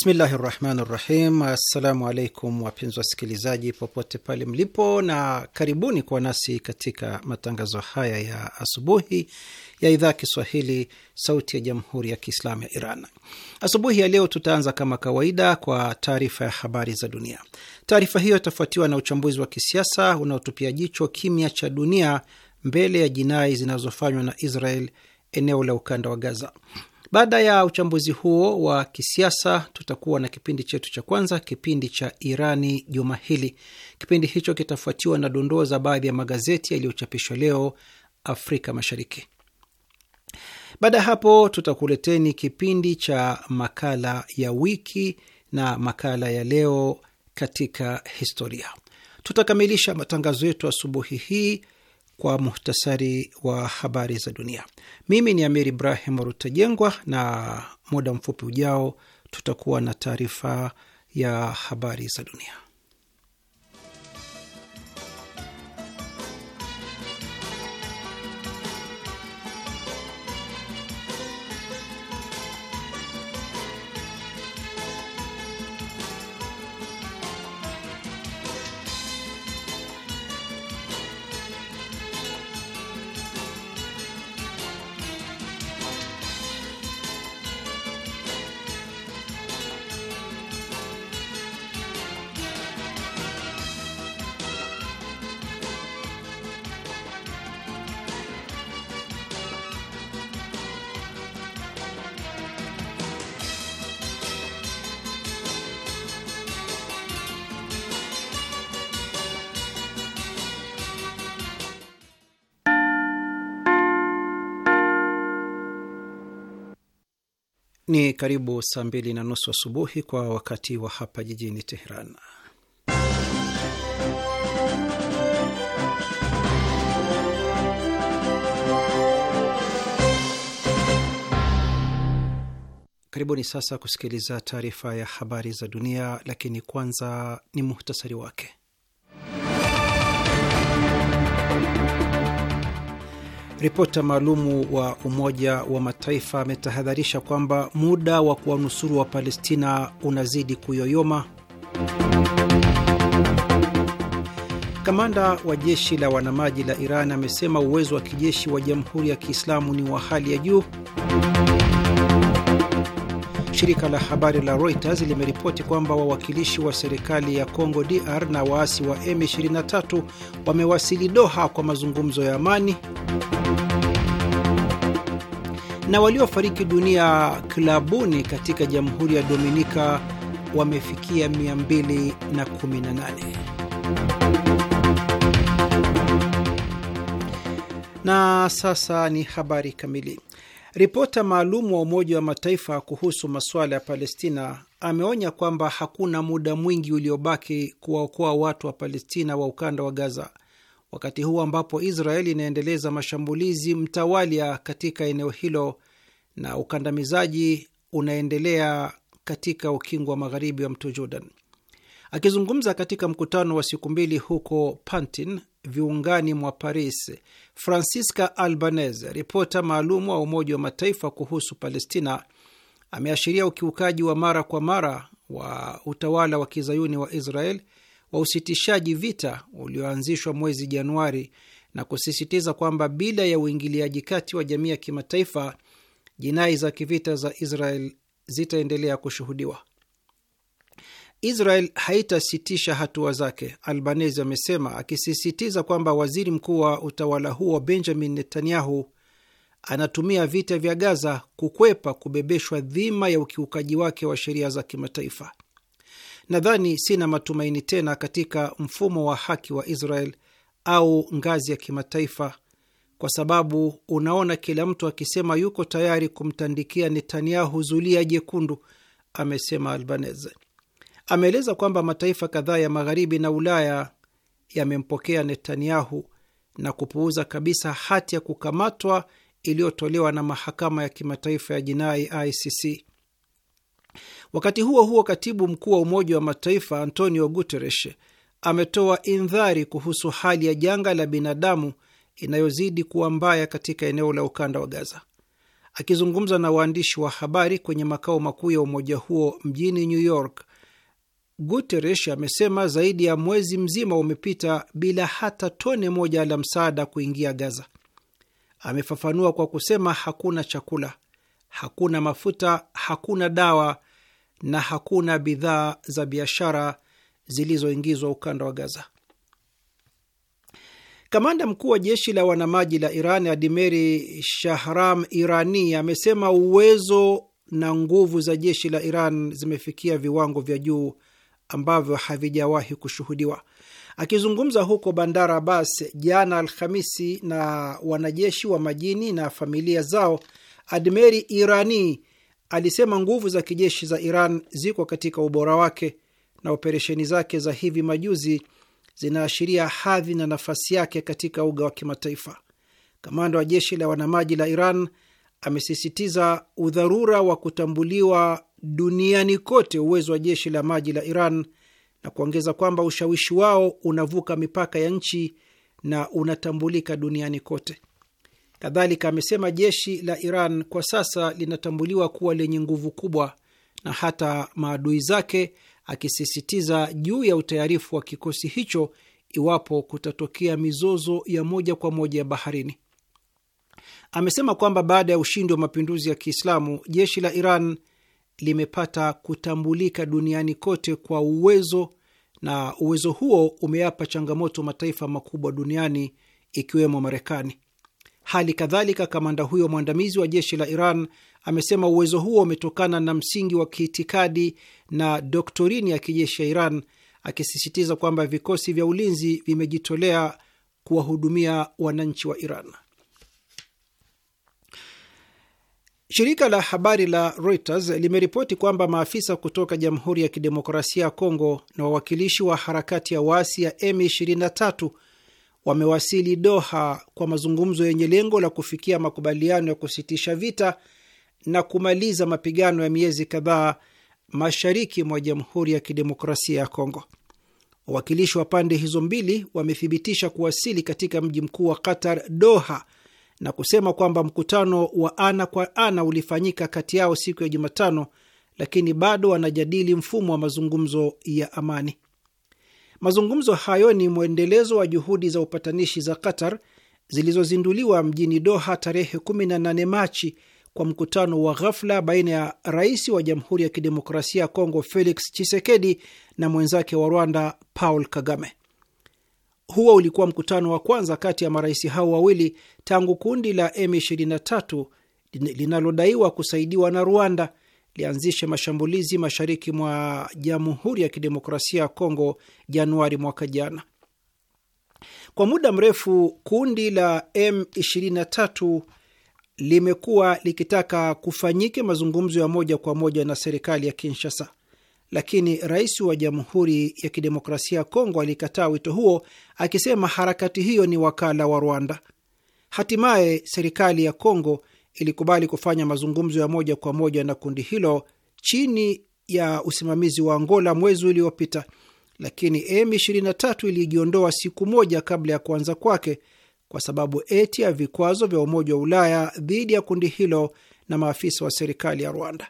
Bismillahi rahmani rahim. Assalamu alaikum wapenzi wasikilizaji popote pale mlipo, na karibuni kuwa nasi katika matangazo haya ya asubuhi ya idhaa Kiswahili sauti ya jamhuri ya Kiislamu ya Iran. Asubuhi ya leo tutaanza kama kawaida kwa taarifa ya habari za dunia. Taarifa hiyo itafuatiwa na uchambuzi wa kisiasa unaotupia jicho kimya cha dunia mbele ya jinai zinazofanywa na Israel eneo la ukanda wa Gaza. Baada ya uchambuzi huo wa kisiasa, tutakuwa na kipindi chetu cha kwanza, kipindi cha Irani juma hili. Kipindi hicho kitafuatiwa na dondoo za baadhi ya magazeti yaliyochapishwa leo Afrika Mashariki. Baada ya hapo, tutakuleteni kipindi cha makala ya wiki na makala ya leo katika historia. Tutakamilisha matangazo yetu asubuhi hii kwa muhtasari wa habari za dunia. Mimi ni Amir Ibrahim Rutajengwa, na muda mfupi ujao tutakuwa na taarifa ya habari za dunia. Ni karibu saa mbili na nusu asubuhi kwa wakati wa hapa jijini Teheran. Karibuni sasa kusikiliza taarifa ya habari za dunia, lakini kwanza ni muhtasari wake. Ripota maalumu wa Umoja wa Mataifa ametahadharisha kwamba muda wa kuwanusuru wa Palestina unazidi kuyoyoma. Kamanda wa jeshi la wanamaji la Iran amesema uwezo wa kijeshi wa Jamhuri ya Kiislamu ni wa hali ya juu. Shirika la habari la Reuters limeripoti kwamba wawakilishi wa serikali ya Congo DR na waasi wa M23 wamewasili Doha kwa mazungumzo ya amani na waliofariki dunia klabuni katika Jamhuri ya Dominika wamefikia 218. Na sasa ni habari kamili. Ripota maalum wa Umoja wa Mataifa kuhusu masuala ya Palestina ameonya kwamba hakuna muda mwingi uliobaki kuwaokoa watu wa Palestina wa ukanda wa Gaza wakati huu ambapo Israeli inaendeleza mashambulizi mtawalia katika eneo hilo na ukandamizaji unaendelea katika ukingo wa magharibi wa mto Jordan. Akizungumza katika mkutano wa siku mbili huko Pantin, viungani mwa Paris, Francisca Albanese, ripota maalum wa Umoja wa Mataifa kuhusu Palestina, ameashiria ukiukaji wa mara kwa mara wa utawala wa kizayuni wa Israel wa usitishaji vita ulioanzishwa mwezi Januari na kusisitiza kwamba bila ya uingiliaji kati wa jamii ya kimataifa jinai za kivita za Israel zitaendelea kushuhudiwa. Israel haitasitisha hatua zake, Albanese amesema, akisisitiza kwamba waziri mkuu wa utawala huo Benjamin Netanyahu anatumia vita vya Gaza kukwepa kubebeshwa dhima ya ukiukaji wake wa sheria za kimataifa. Nadhani sina matumaini tena katika mfumo wa haki wa Israel au ngazi ya kimataifa, kwa sababu unaona kila mtu akisema yuko tayari kumtandikia Netanyahu zulia jekundu, amesema Albanese. Ameeleza kwamba mataifa kadhaa ya magharibi na Ulaya yamempokea Netanyahu na kupuuza kabisa hati ya kukamatwa iliyotolewa na mahakama ya kimataifa ya jinai ICC. Wakati huo huo, katibu mkuu wa Umoja wa Mataifa Antonio Guterres ametoa indhari kuhusu hali ya janga la binadamu inayozidi kuwa mbaya katika eneo la ukanda wa Gaza. Akizungumza na waandishi wa habari kwenye makao makuu ya umoja huo mjini New York, Guterres amesema zaidi ya mwezi mzima umepita bila hata tone moja la msaada kuingia Gaza. Amefafanua kwa kusema hakuna chakula, hakuna mafuta, hakuna dawa na hakuna bidhaa za biashara zilizoingizwa ukanda wa Gaza. Kamanda mkuu wa jeshi la wanamaji la Iran Adimeri Shahram Irani amesema uwezo na nguvu za jeshi la Iran zimefikia viwango vya juu ambavyo havijawahi kushuhudiwa. Akizungumza huko Bandar Abbas jana Alhamisi na wanajeshi wa majini na familia zao, Admeri Irani alisema nguvu za kijeshi za Iran ziko katika ubora wake na operesheni zake za hivi majuzi zinaashiria hadhi na nafasi yake katika uga wa kimataifa. Kamanda wa jeshi la wanamaji la Iran amesisitiza udharura wa kutambuliwa duniani kote uwezo wa jeshi la maji la Iran na kuongeza kwamba ushawishi wao unavuka mipaka ya nchi na unatambulika duniani kote. Kadhalika amesema jeshi la Iran kwa sasa linatambuliwa kuwa lenye nguvu kubwa na hata maadui zake, akisisitiza juu ya utayarifu wa kikosi hicho iwapo kutatokea mizozo ya moja kwa moja ya baharini. Amesema kwamba baada ya ushindi wa mapinduzi ya Kiislamu, jeshi la Iran limepata kutambulika duniani kote kwa uwezo, na uwezo huo umeyapa changamoto mataifa makubwa duniani ikiwemo Marekani. Hali kadhalika, kamanda huyo mwandamizi wa jeshi la Iran amesema uwezo huo umetokana na msingi wa kiitikadi na doktorini ya kijeshi ya Iran, akisisitiza kwamba vikosi vya ulinzi vimejitolea kuwahudumia wananchi wa Iran. Shirika la habari la Reuters limeripoti kwamba maafisa kutoka Jamhuri ya Kidemokrasia ya Kongo na wawakilishi wa harakati ya waasi ya M23 wamewasili Doha kwa mazungumzo yenye lengo la kufikia makubaliano ya kusitisha vita na kumaliza mapigano ya miezi kadhaa mashariki mwa Jamhuri ya Kidemokrasia ya Kongo. Wawakilishi wa pande hizo mbili wamethibitisha kuwasili katika mji mkuu wa Qatar, Doha, na kusema kwamba mkutano wa ana kwa ana ulifanyika kati yao siku ya Jumatano, lakini bado wanajadili mfumo wa mazungumzo ya amani. Mazungumzo hayo ni mwendelezo wa juhudi za upatanishi za Qatar zilizozinduliwa mjini Doha tarehe 18 Machi kwa mkutano wa ghafla baina ya rais wa Jamhuri ya Kidemokrasia ya Kongo Felix Tshisekedi na mwenzake wa Rwanda Paul Kagame. Huo ulikuwa mkutano wa kwanza kati ya marais hao wawili tangu kundi la M23 linalodaiwa kusaidiwa na Rwanda lianzishe mashambulizi mashariki mwa Jamhuri ya Kidemokrasia ya Kongo Januari mwaka jana. Kwa muda mrefu kundi la M23 limekuwa likitaka kufanyike mazungumzo ya moja kwa moja na serikali ya Kinshasa, lakini rais wa Jamhuri ya Kidemokrasia ya Kongo alikataa wito huo, akisema harakati hiyo ni wakala wa Rwanda. Hatimaye serikali ya Kongo ilikubali kufanya mazungumzo ya moja kwa moja na kundi hilo chini ya usimamizi wa Angola mwezi uliopita, lakini M23 ilijiondoa siku moja kabla ya kuanza kwake kwa sababu eti ya vikwazo vya Umoja wa Ulaya dhidi ya kundi hilo na maafisa wa serikali ya Rwanda.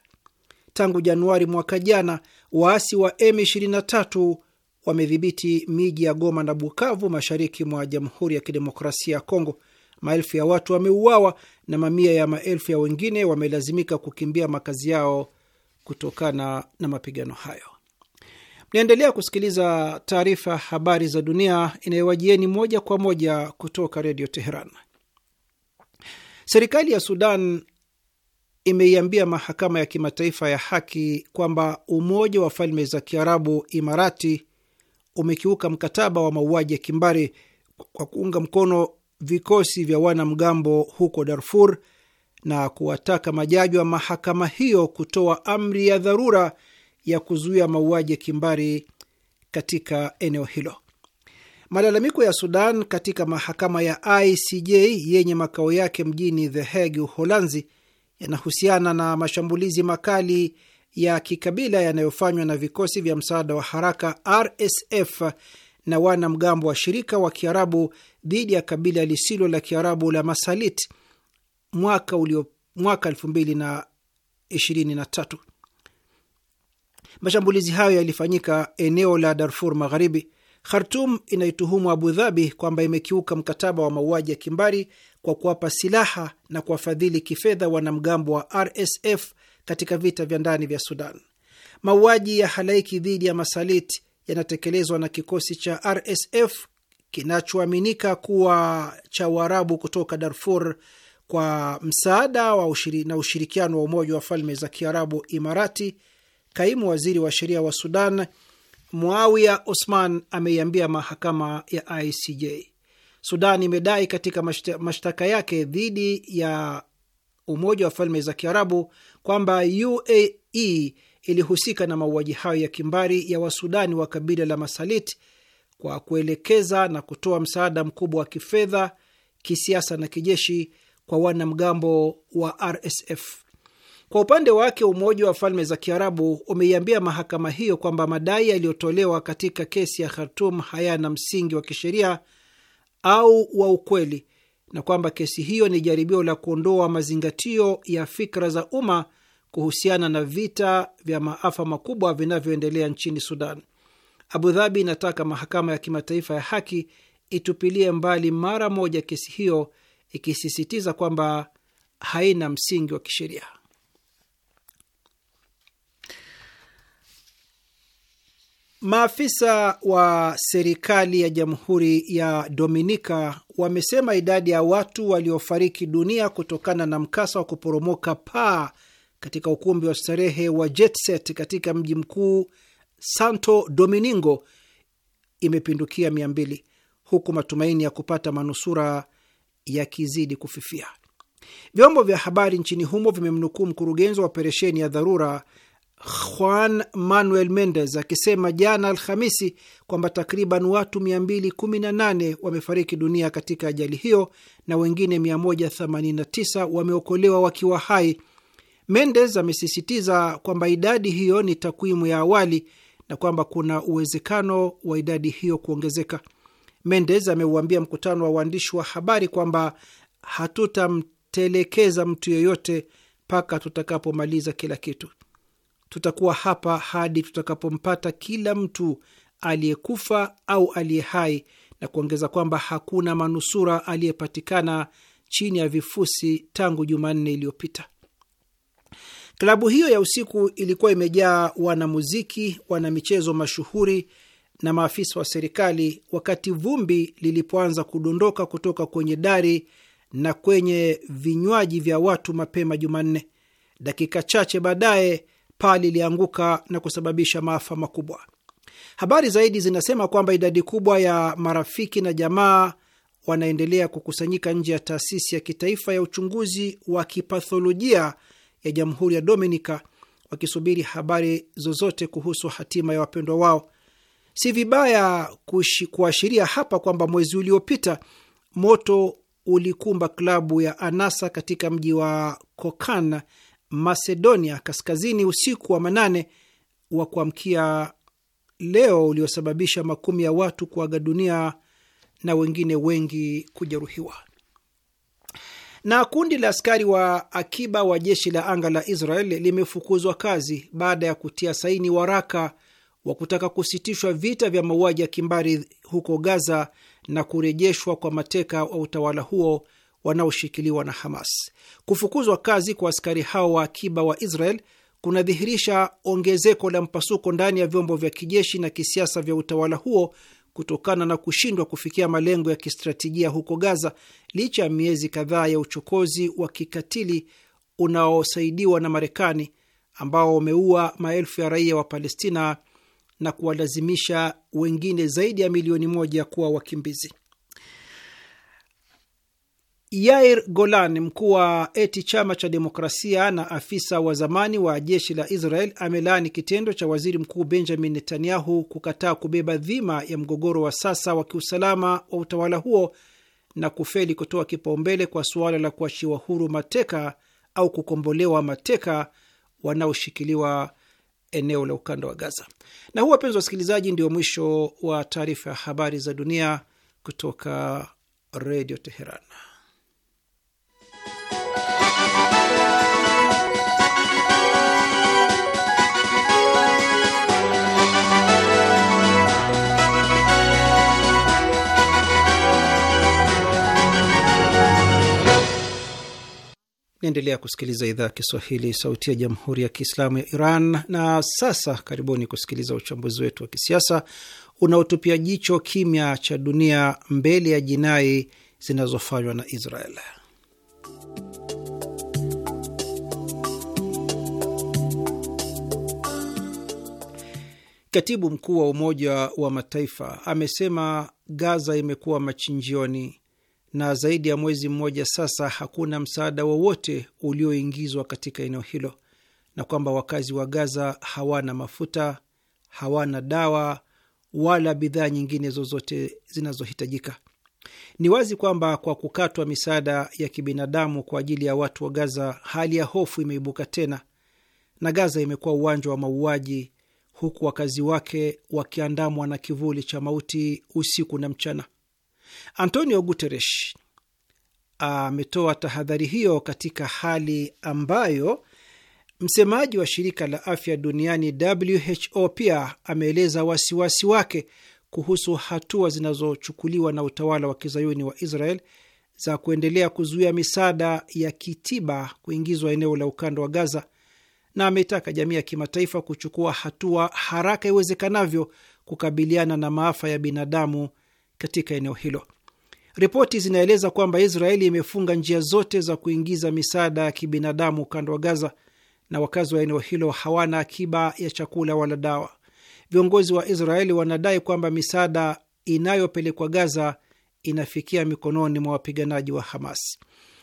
Tangu Januari mwaka jana, waasi wa M23 wamedhibiti miji ya Goma na Bukavu, mashariki mwa Jamhuri ya Kidemokrasia ya Kongo. Maelfu ya watu wameuawa na mamia ya maelfu ya wengine wamelazimika kukimbia makazi yao kutokana na mapigano hayo. Mnaendelea kusikiliza taarifa habari za dunia inayowajieni moja kwa moja kutoka Redio Teheran. Serikali ya Sudan imeiambia mahakama ya kimataifa ya haki kwamba Umoja wa Falme za Kiarabu, Imarati, umekiuka mkataba wa mauaji ya kimbari kwa kuunga mkono vikosi vya wanamgambo huko Darfur na kuwataka majaji wa mahakama hiyo kutoa amri ya dharura ya kuzuia mauaji ya kimbari katika eneo hilo. Malalamiko ya Sudan katika mahakama ya ICJ yenye makao yake mjini The Hague, Uholanzi, yanahusiana na mashambulizi makali ya kikabila yanayofanywa na vikosi vya msaada wa haraka RSF na wanamgambo wa shirika wa Kiarabu dhidi ya kabila lisilo la Kiarabu la Masalit mwaka ulio mwaka 2023. Mashambulizi hayo yalifanyika eneo la Darfur Magharibi. Khartum inaituhumu Abu Dhabi kwamba imekiuka mkataba wa mauaji ya kimbari kwa kuwapa silaha na kuwafadhili kifedha wanamgambo wa RSF katika vita vya ndani vya Sudan. Mauaji ya halaiki dhidi ya Masalit yanatekelezwa na kikosi cha RSF kinachoaminika kuwa cha Uarabu kutoka Darfur kwa msaada wa ushiri, na ushirikiano wa Umoja wa Falme za Kiarabu Imarati. Kaimu waziri wa sheria wa Sudan Muawia Osman ameiambia mahakama ya ICJ Sudan imedai katika mashtaka yake dhidi ya Umoja wa Falme za Kiarabu kwamba UAE ilihusika na mauaji hayo ya kimbari ya Wasudani wa kabila la Masalit kwa kuelekeza na kutoa msaada mkubwa wa kifedha, kisiasa na kijeshi kwa wanamgambo wa RSF. Kwa upande wake, Umoja wa Falme za Kiarabu umeiambia mahakama hiyo kwamba madai yaliyotolewa katika kesi ya Khartum hayana msingi wa kisheria au wa ukweli na kwamba kesi hiyo ni jaribio la kuondoa mazingatio ya fikra za umma kuhusiana na vita vya maafa makubwa vinavyoendelea nchini Sudan. Abu Dhabi inataka mahakama ya kimataifa ya haki itupilie mbali mara moja kesi hiyo, ikisisitiza kwamba haina msingi wa kisheria. Maafisa wa serikali ya Jamhuri ya Dominika wamesema idadi ya watu waliofariki dunia kutokana na mkasa wa kuporomoka paa katika ukumbi wa starehe wa Jetset katika mji mkuu Santo Domingo imepindukia mia mbili huku matumaini ya kupata manusura yakizidi kufifia. Vyombo vya habari nchini humo vimemnukuu mkurugenzi wa operesheni ya dharura Juan Manuel Mendez akisema jana Alhamisi kwamba takriban watu 218 wamefariki dunia katika ajali hiyo na wengine 189 wameokolewa wakiwa hai. Mendez amesisitiza kwamba idadi hiyo ni takwimu ya awali na kwamba kuna uwezekano wa idadi hiyo kuongezeka. Mendes ameuambia mkutano wa waandishi wa habari kwamba hatutamtelekeza mtu yeyote mpaka tutakapomaliza kila kitu. Tutakuwa hapa hadi tutakapompata kila mtu aliyekufa au aliye hai, na kuongeza kwamba hakuna manusura aliyepatikana chini ya vifusi tangu Jumanne iliyopita. Klabu hiyo ya usiku ilikuwa imejaa wanamuziki, wanamichezo mashuhuri na maafisa wa serikali, wakati vumbi lilipoanza kudondoka kutoka kwenye dari na kwenye vinywaji vya watu mapema Jumanne. Dakika chache baadaye paa lilianguka na kusababisha maafa makubwa. Habari zaidi zinasema kwamba idadi kubwa ya marafiki na jamaa wanaendelea kukusanyika nje ya taasisi ya kitaifa ya uchunguzi wa kipatholojia ya Jamhuri ya Dominica wakisubiri habari zozote kuhusu hatima ya wapendwa wao. Si vibaya kuashiria hapa kwamba mwezi uliopita moto ulikumba klabu ya anasa katika mji wa Kokan, Macedonia Kaskazini, usiku wa manane wa kuamkia leo uliosababisha makumi ya watu kuaga dunia na wengine wengi kujeruhiwa. Na kundi la askari wa akiba wa jeshi la anga la Israel limefukuzwa kazi baada ya kutia saini waraka wa kutaka kusitishwa vita vya mauaji ya kimbari huko Gaza na kurejeshwa kwa mateka wa utawala huo wanaoshikiliwa na Hamas. Kufukuzwa kazi kwa askari hao wa akiba wa Israel kunadhihirisha ongezeko la mpasuko ndani ya vyombo vya kijeshi na kisiasa vya utawala huo kutokana na kushindwa kufikia malengo ya kistratejia huko Gaza licha ya miezi kadhaa ya uchokozi wa kikatili unaosaidiwa na Marekani ambao wameua maelfu ya raia wa Palestina na kuwalazimisha wengine zaidi ya milioni moja kuwa wakimbizi. Yair Golan, mkuu wa eti chama cha demokrasia na afisa wa zamani wa jeshi la Israel, amelaani kitendo cha waziri mkuu Benjamin Netanyahu kukataa kubeba dhima ya mgogoro wa sasa wa kiusalama wa utawala huo na kufeli kutoa kipaumbele kwa suala la kuachiwa huru mateka au kukombolewa mateka wanaoshikiliwa eneo la ukanda wa Gaza. Na huu, wapenzi wasikilizaji, ndio mwisho wa taarifa ya habari za dunia kutoka Redio Teheran. Naendelea kusikiliza idhaa ya Kiswahili, sauti ya jamhuri ya kiislamu ya Iran. Na sasa karibuni kusikiliza uchambuzi wetu wa kisiasa unaotupia jicho kimya cha dunia mbele ya jinai zinazofanywa na Israel. Katibu mkuu wa Umoja wa Mataifa amesema Gaza imekuwa machinjioni na zaidi ya mwezi mmoja sasa hakuna msaada wowote ulioingizwa katika eneo hilo, na kwamba wakazi wa Gaza hawana mafuta, hawana dawa wala bidhaa nyingine zozote zinazohitajika. Ni wazi kwamba kwa kukatwa misaada ya kibinadamu kwa ajili ya watu wa Gaza, hali ya hofu imeibuka tena na Gaza imekuwa uwanja wa mauaji, huku wakazi wake wakiandamwa na kivuli cha mauti usiku na mchana. Antonio Guterres ametoa tahadhari hiyo katika hali ambayo msemaji wa shirika la afya duniani WHO pia ameeleza wasiwasi wake kuhusu hatua zinazochukuliwa na utawala wa kizayuni wa Israel za kuendelea kuzuia misaada ya kitiba kuingizwa eneo la ukanda wa Gaza, na ametaka jamii ya kimataifa kuchukua hatua haraka iwezekanavyo kukabiliana na maafa ya binadamu katika eneo hilo. Ripoti zinaeleza kwamba Israeli imefunga njia zote za kuingiza misaada ya kibinadamu ukanda wa Gaza na wakazi wa eneo hilo hawana akiba ya chakula wala dawa. Viongozi wa Israeli wanadai kwamba misaada inayopelekwa Gaza inafikia mikononi mwa wapiganaji wa Hamas.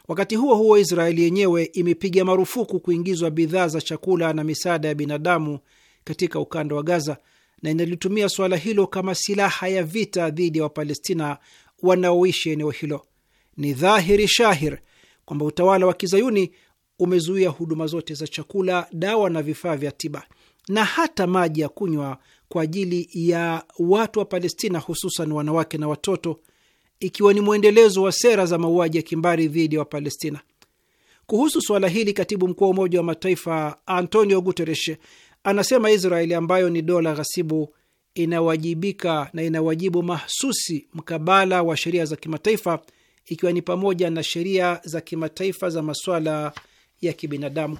Wakati huo huo, Israeli yenyewe imepiga marufuku kuingizwa bidhaa za chakula na misaada ya binadamu katika ukanda wa Gaza na inalitumia suala hilo kama silaha ya vita dhidi ya Wapalestina wanaoishi eneo hilo. Ni dhahiri shahir kwamba utawala wa kizayuni umezuia huduma zote za chakula, dawa na vifaa vya tiba na hata maji ya kunywa kwa ajili ya watu wa Palestina, hususan wanawake na watoto, ikiwa ni mwendelezo wa sera za mauaji ya kimbari dhidi ya wa Wapalestina. Kuhusu suala hili, katibu mkuu wa Umoja wa Mataifa Antonio Guterres Anasema Israeli ambayo ni dola ghasibu inawajibika na inawajibu mahsusi mkabala wa sheria za kimataifa ikiwa ni pamoja na sheria za kimataifa za masuala ya kibinadamu.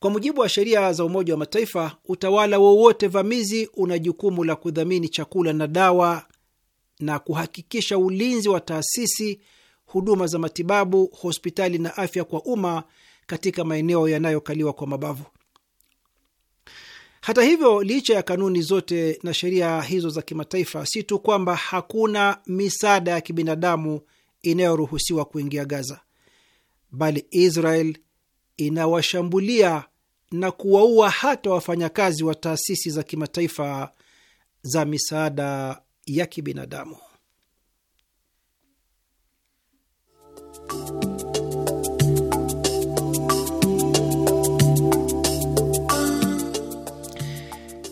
Kwa mujibu wa sheria za Umoja wa Mataifa, utawala wowote vamizi una jukumu la kudhamini chakula na dawa na kuhakikisha ulinzi wa taasisi, huduma za matibabu, hospitali na afya kwa umma katika maeneo yanayokaliwa kwa mabavu. Hata hivyo, licha ya kanuni zote na sheria hizo za kimataifa, si tu kwamba hakuna misaada ya kibinadamu inayoruhusiwa kuingia Gaza, bali Israel inawashambulia na kuwaua hata wafanyakazi wa taasisi za kimataifa za misaada ya kibinadamu.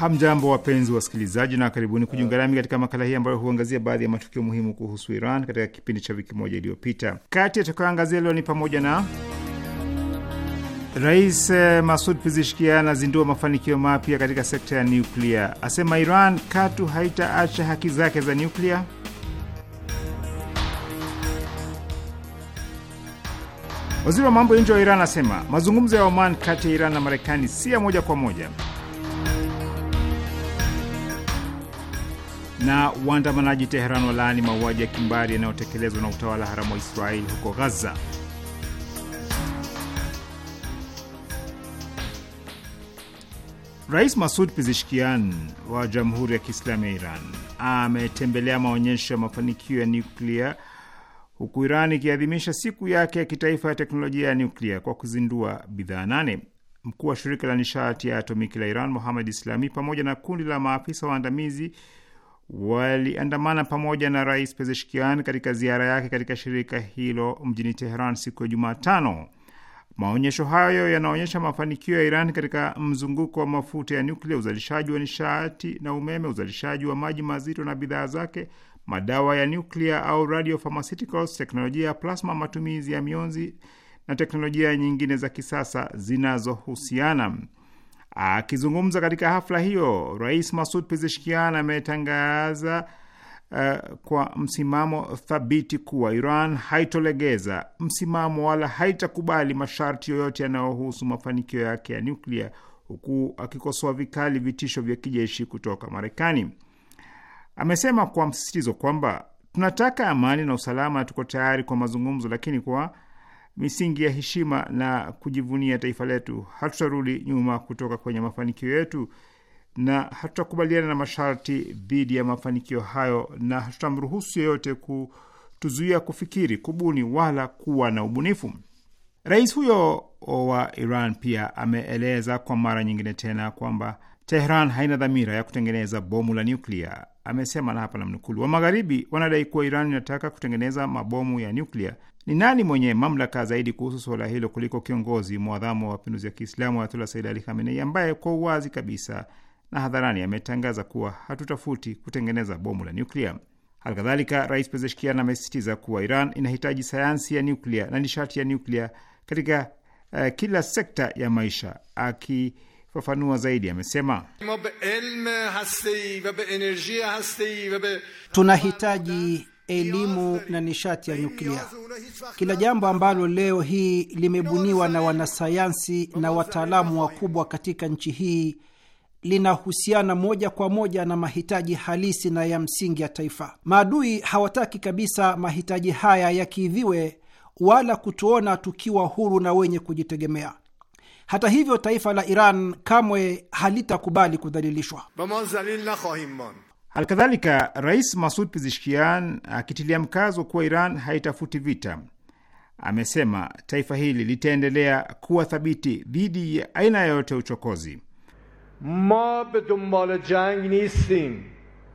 Hamjambo, wapenzi wasikilizaji, na karibuni kujiunga nami katika makala hii ambayo huangazia baadhi ya matukio muhimu kuhusu Iran katika kipindi cha wiki moja iliyopita. Kati yatakayoangazia leo ni pamoja na Rais eh, Masud Pezeshkian anazindua mafanikio mapya katika sekta ya nyuklia, asema Iran katu haitaacha haki zake za nyuklia. Waziri wa mambo ya nje wa Iran asema mazungumzo ya Oman kati ya Iran na Marekani si ya moja kwa moja. na waandamanaji Teheran walaani mauaji ya kimbari yanayotekelezwa na utawala haramu wa Israeli huko Gaza. Rais Masud Pizishkian wa Jamhuri ya Kiislamu ya Iran ametembelea maonyesho ya mafanikio ya nyuklia huku Iran ikiadhimisha siku yake ya kitaifa ya teknolojia ya nyuklia kwa kuzindua bidhaa nane. Mkuu wa shirika la nishati ya atomiki la Iran Mohamed Islami pamoja na kundi la maafisa waandamizi waliandamana pamoja na rais Pezeshkian katika ziara yake katika shirika hilo mjini Teheran siku ya Jumatano. Maonyesho hayo yanaonyesha mafanikio ya Iran katika mzunguko wa mafuta ya nyuklia, uzalishaji wa nishati na umeme, uzalishaji wa maji mazito na bidhaa zake, madawa ya nyuklia au radio pharmaceuticals, teknolojia ya plasma, matumizi ya mionzi na teknolojia nyingine za kisasa zinazohusiana Akizungumza katika hafla hiyo, Rais Masud Pezeshkian ametangaza uh, kwa msimamo thabiti kuwa Iran haitolegeza msimamo wala haitakubali masharti yoyote yanayohusu mafanikio yake ya nyuklia, huku akikosoa vikali vitisho vya kijeshi kutoka Marekani. Amesema kwa msisitizo kwamba tunataka amani na usalama, tuko tayari kwa mazungumzo, lakini kwa misingi ya heshima na kujivunia taifa letu. Hatutarudi nyuma kutoka kwenye mafanikio yetu na hatutakubaliana na masharti dhidi ya mafanikio hayo, na hatutamruhusu yeyote kutuzuia kufikiri, kubuni wala kuwa na ubunifu. Rais huyo wa Iran pia ameeleza kwa mara nyingine tena kwamba Tehran haina dhamira ya kutengeneza bomu la nyuklia. Amesema na hapa namnukuu, wa magharibi wanadai kuwa Iran inataka kutengeneza mabomu ya nyuklia ni nani mwenye mamlaka zaidi kuhusu suala hilo kuliko kiongozi mwadhamu wa mapinduzi ya Kiislamu Ayatullah Said Ali Khamenei, ambaye kwa uwazi kabisa na hadharani ametangaza kuwa hatutafuti kutengeneza bomu la nyuklia. Halikadhalika, Rais Pezeshkian amesisitiza kuwa Iran inahitaji sayansi ya nyuklia na nishati ya nyuklia katika uh, kila sekta ya maisha. Akifafanua zaidi, amesema tunahitaji elimu na nishati ya nyuklia, kila jambo ambalo leo hii limebuniwa na wanasayansi na wataalamu wakubwa katika nchi hii linahusiana moja kwa moja na mahitaji halisi na ya msingi ya taifa. Maadui hawataki kabisa mahitaji haya yakidhiwe, wala kutuona tukiwa huru na wenye kujitegemea. Hata hivyo, taifa la Iran kamwe halitakubali kudhalilishwa. Halikadhalika, Rais Masud Pizishkian akitilia mkazo kuwa Iran haitafuti vita, amesema taifa hili litaendelea kuwa thabiti dhidi ya aina yoyote ya uchokozi. ma be jang nistim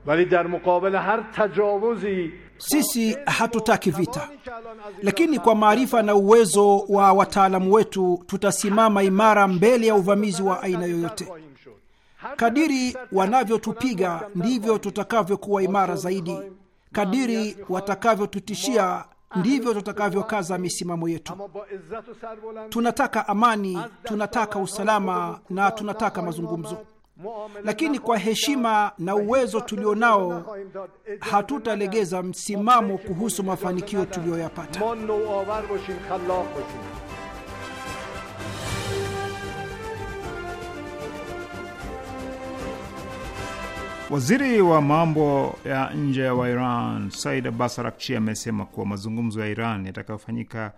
wali dar muqabil har tajawuzi sisi hatutaki vita, lakini kwa maarifa na uwezo wa wataalamu wetu tutasimama imara mbele ya uvamizi wa aina yoyote. Kadiri wanavyotupiga ndivyo tutakavyokuwa imara zaidi. Kadiri watakavyotutishia ndivyo tutakavyokaza misimamo yetu. Tunataka amani, tunataka usalama na tunataka mazungumzo, lakini kwa heshima na uwezo tulionao hatutalegeza msimamo kuhusu mafanikio tuliyoyapata. Waziri wa mambo ya nje wa Iran Said Abbas Arakchi amesema kuwa mazungumzo ya Iran yatakayofanyika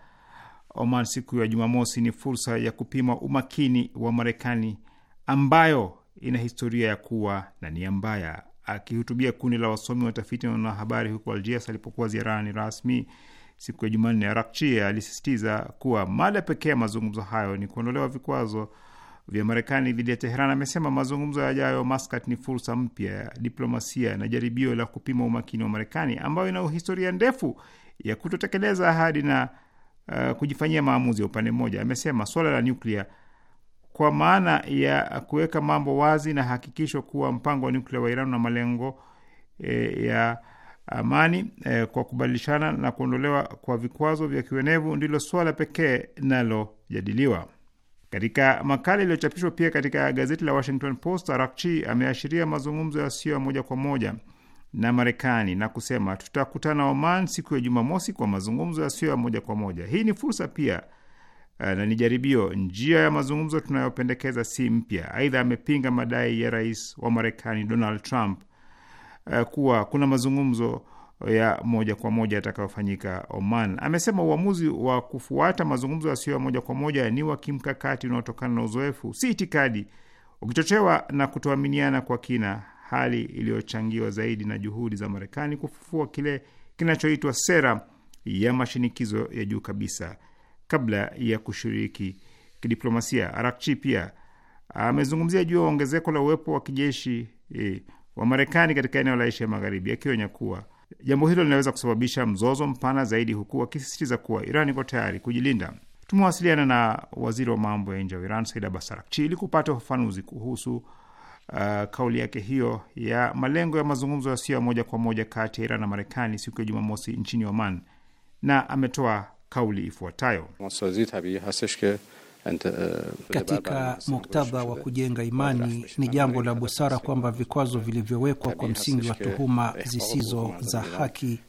Oman siku ya Jumamosi ni fursa ya kupima umakini wa Marekani ambayo ina historia ya kuwa na nia mbaya. Akihutubia kundi la wasomi, watafiti na wanahabari huko Algiers alipokuwa ziarani rasmi siku ya Jumanne, Arakchi alisisitiza kuwa mada pekee ya mazungumzo hayo ni kuondolewa vikwazo vya Marekani dhidi ya Teheran amesema mazungumzo yajayo Maskat ni fursa mpya ya diplomasia na jaribio la kupima umakini wa Marekani ambayo ina historia ndefu ya kutotekeleza ahadi na uh, kujifanyia maamuzi ya upande mmoja. Amesema suala la nyuklia kwa maana ya kuweka mambo wazi na hakikisho kuwa mpango wa nyuklia wa Iran na malengo e, ya amani e, kwa kubadilishana na kuondolewa kwa vikwazo vya kiwenevu ndilo suala pekee linalojadiliwa. Katika makala iliyochapishwa pia katika gazeti la Washington Post, Arakchi ameashiria mazungumzo yasiyo ya moja kwa moja na Marekani na kusema tutakutana Oman siku ya Jumamosi kwa mazungumzo yasiyo ya moja kwa moja. Hii ni fursa pia eh, na ni jaribio. Njia ya mazungumzo tunayopendekeza si mpya. Aidha, amepinga madai ya rais wa Marekani Donald Trump eh, kuwa kuna mazungumzo ya moja kwa moja yatakayofanyika Oman. Amesema uamuzi wa kufuata mazungumzo yasiyo ya moja kwa moja ni wa kimkakati unaotokana na uzoefu, si itikadi, ukichochewa na kutoaminiana kwa kina, hali iliyochangiwa zaidi na juhudi za Marekani kufufua kile kinachoitwa sera ya mashinikizo ya juu kabisa kabla ya kushiriki kidiplomasia. Arakchi pia amezungumzia juu ya ongezeko la uwepo wa kijeshi eh, wa Marekani katika eneo la Asia ya Magharibi, akionya kuwa jambo hilo linaweza kusababisha mzozo mpana zaidi, huku akisisitiza kuwa Iran iko tayari kujilinda. Tumewasiliana na waziri wa mambo ya nje wa Iran Said Abbas ili kupata ufafanuzi kuhusu uh, kauli yake hiyo ya malengo ya mazungumzo yasiyo ya moja kwa moja kati ya Iran na Marekani siku ya Jumamosi nchini Oman, na ametoa kauli ifuatayo: Uh, Katika muktadha wa kujenga imani, ni jambo la busara kwamba vikwazo vilivyowekwa kwa msingi wa tuhuma zisizo za haki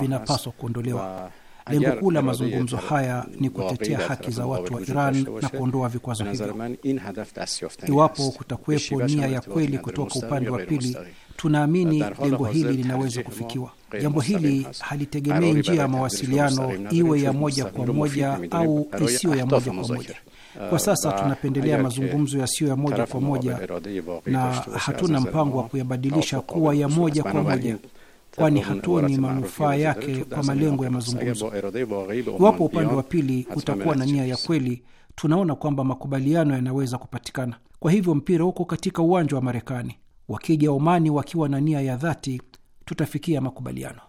vinapaswa kuondolewa. Lengo kuu la mazungumzo haya ni kutetea haki za watu wa Iran na kuondoa vikwazo hivyo. Iwapo kutakuwepo nia ya kweli kutoka upande wa pili, tunaamini lengo hili linaweza kufikiwa. Jambo hili halitegemei njia ya mawasiliano iwe ah, ah, ya moja kwa moja au isiyo ya moja kwa moja. Kwa sasa tunapendelea mazungumzo yasiyo ya moja kwa moja, na hatuna mpango wa kuyabadilisha kuwa ya moja kwa moja kwani hatuoni manufaa yake kwa malengo ya mazungumzo. Iwapo upande wa pili utakuwa na nia ya kweli, tunaona kwamba makubaliano yanaweza kupatikana. Kwa hivyo mpira uko katika uwanja wa Marekani. Wakija Omani wakiwa na nia ya dhati, tutafikia makubaliano.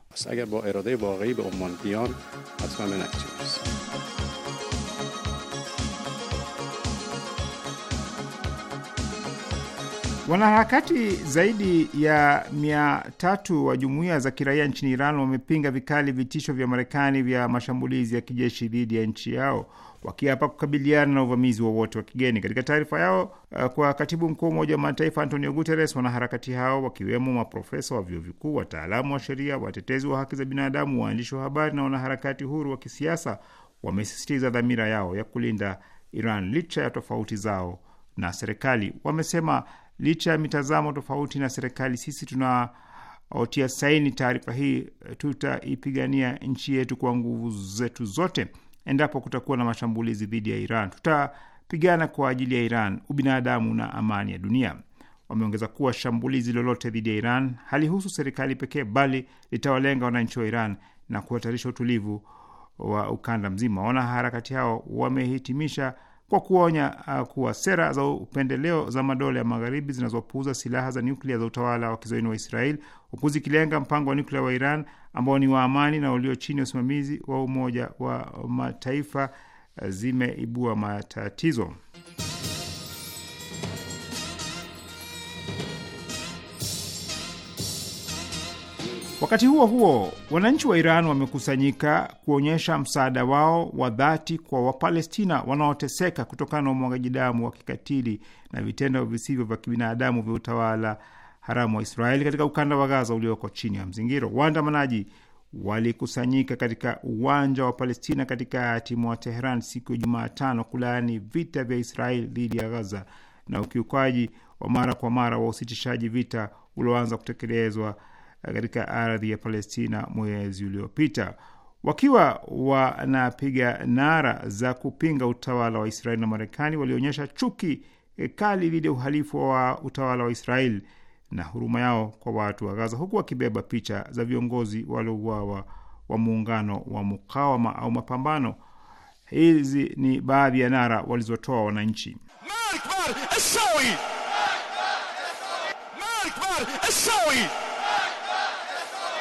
Wanaharakati zaidi ya mia tatu wa jumuiya za kiraia nchini Iran wamepinga vikali vitisho vya Marekani vya mashambulizi ya kijeshi dhidi ya nchi yao wakiapa kukabiliana na uvamizi wowote wa, wa kigeni. Katika taarifa yao uh, kwa katibu mkuu Umoja wa Mataifa Antonio Guterres, wanaharakati hao wakiwemo maprofesa wa vyuo vikuu, wataalamu wa sheria, watetezi wa haki za binadamu, waandishi wa habari na wanaharakati huru wa kisiasa wamesisitiza dhamira yao ya kulinda Iran licha ya tofauti zao na serikali. Wamesema licha ya mitazamo tofauti na serikali, sisi tunaotia saini taarifa hii uh, tutaipigania nchi yetu kwa nguvu zetu zote endapo kutakuwa na mashambulizi dhidi ya Iran. Tutapigana kwa ajili ya Iran, ubinadamu na amani ya dunia. Wameongeza kuwa shambulizi lolote dhidi ya Iran halihusu serikali pekee, bali litawalenga wananchi wa Iran na kuhatarisha utulivu wa ukanda mzima. Wanaharakati hao wamehitimisha kwa kuonya uh, kuwa sera za upendeleo za madola ya magharibi zinazopuuza silaha za nyuklia za utawala wa kizoini wa Israel huku zikilenga mpango wa nyuklia wa Iran ambao ni wa amani na walio chini ya usimamizi wa Umoja wa Mataifa eh, zimeibua matatizo. Wakati huo huo, wananchi wa Iran wamekusanyika kuonyesha msaada wao wa dhati kwa Wapalestina wanaoteseka kutokana na umwagaji damu wa kikatili na vitendo visivyo vya kibinadamu vya utawala haramu wa Israeli katika ukanda wa Gaza ulioko chini ya mzingiro. Waandamanaji walikusanyika katika uwanja wa Palestina katikati mwa Teheran siku ya Jumatano kulaani vita vya Israeli dhidi ya Gaza na ukiukaji wa mara kwa mara wa usitishaji vita ulioanza kutekelezwa katika ardhi ya Palestina mwezi uliopita. Wakiwa wanapiga nara za kupinga utawala wa Israeli na Marekani, walionyesha chuki kali dhidi ya uhalifu wa utawala wa Israeli na huruma yao kwa watu wa Gaza, huku wakibeba picha za viongozi waliouawa wa muungano wa mukawama au mapambano. Hizi ni baadhi ya nara walizotoa wananchi.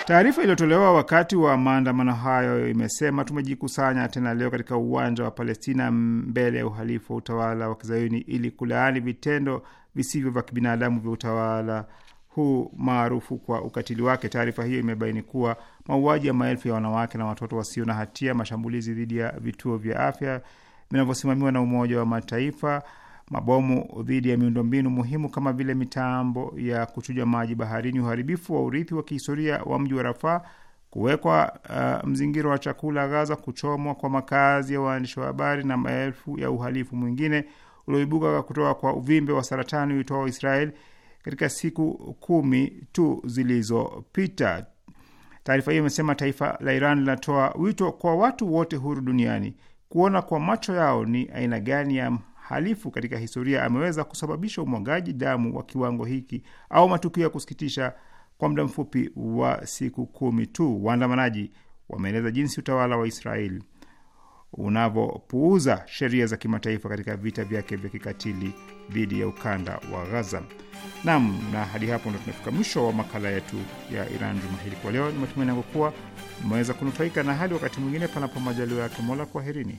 Taarifa iliyotolewa wakati wa maandamano hayo imesema, tumejikusanya tena leo katika uwanja wa Palestina mbele ya uhalifu wa utawala wa kizayuni ili kulaani vitendo visivyo vya kibinadamu vya utawala huu maarufu kwa ukatili wake. Taarifa hiyo imebaini kuwa mauaji ya maelfu ya wanawake na watoto wasio na hatia, mashambulizi dhidi ya vituo vya afya vinavyosimamiwa na Umoja wa Mataifa, mabomu dhidi ya miundombinu muhimu kama vile mitambo ya kuchuja maji baharini, uharibifu wa urithi wa kihistoria wa mji wa Rafaa, kuwekwa uh, mzingiro wa chakula Gaza, kuchomwa kwa makazi ya waandishi wa habari na maelfu ya uhalifu mwingine ulioibuka kutoka kwa uvimbe wa saratani uitoa Israeli katika siku kumi tu zilizopita. Taarifa hiyo imesema taifa la Iran linatoa wito kwa watu wote huru duniani kuona kwa macho yao ni aina gani ya mhalifu katika historia ameweza kusababisha umwagaji damu wa kiwango hiki au matukio ya kusikitisha kwa muda mfupi wa siku kumi tu. Waandamanaji wameeleza jinsi utawala wa Israeli unavyopuuza sheria za kimataifa katika vita vyake vya kikatili dhidi ya ukanda wa Ghaza. Naam, na hadi hapo ndo tunafika mwisho wa makala yetu ya Iran juma hili kwa leo. Ni matumaini yangu kuwa mmeweza kunufaika, na hadi wakati mwingine, panapo majaliwa yake Mola, kwaherini.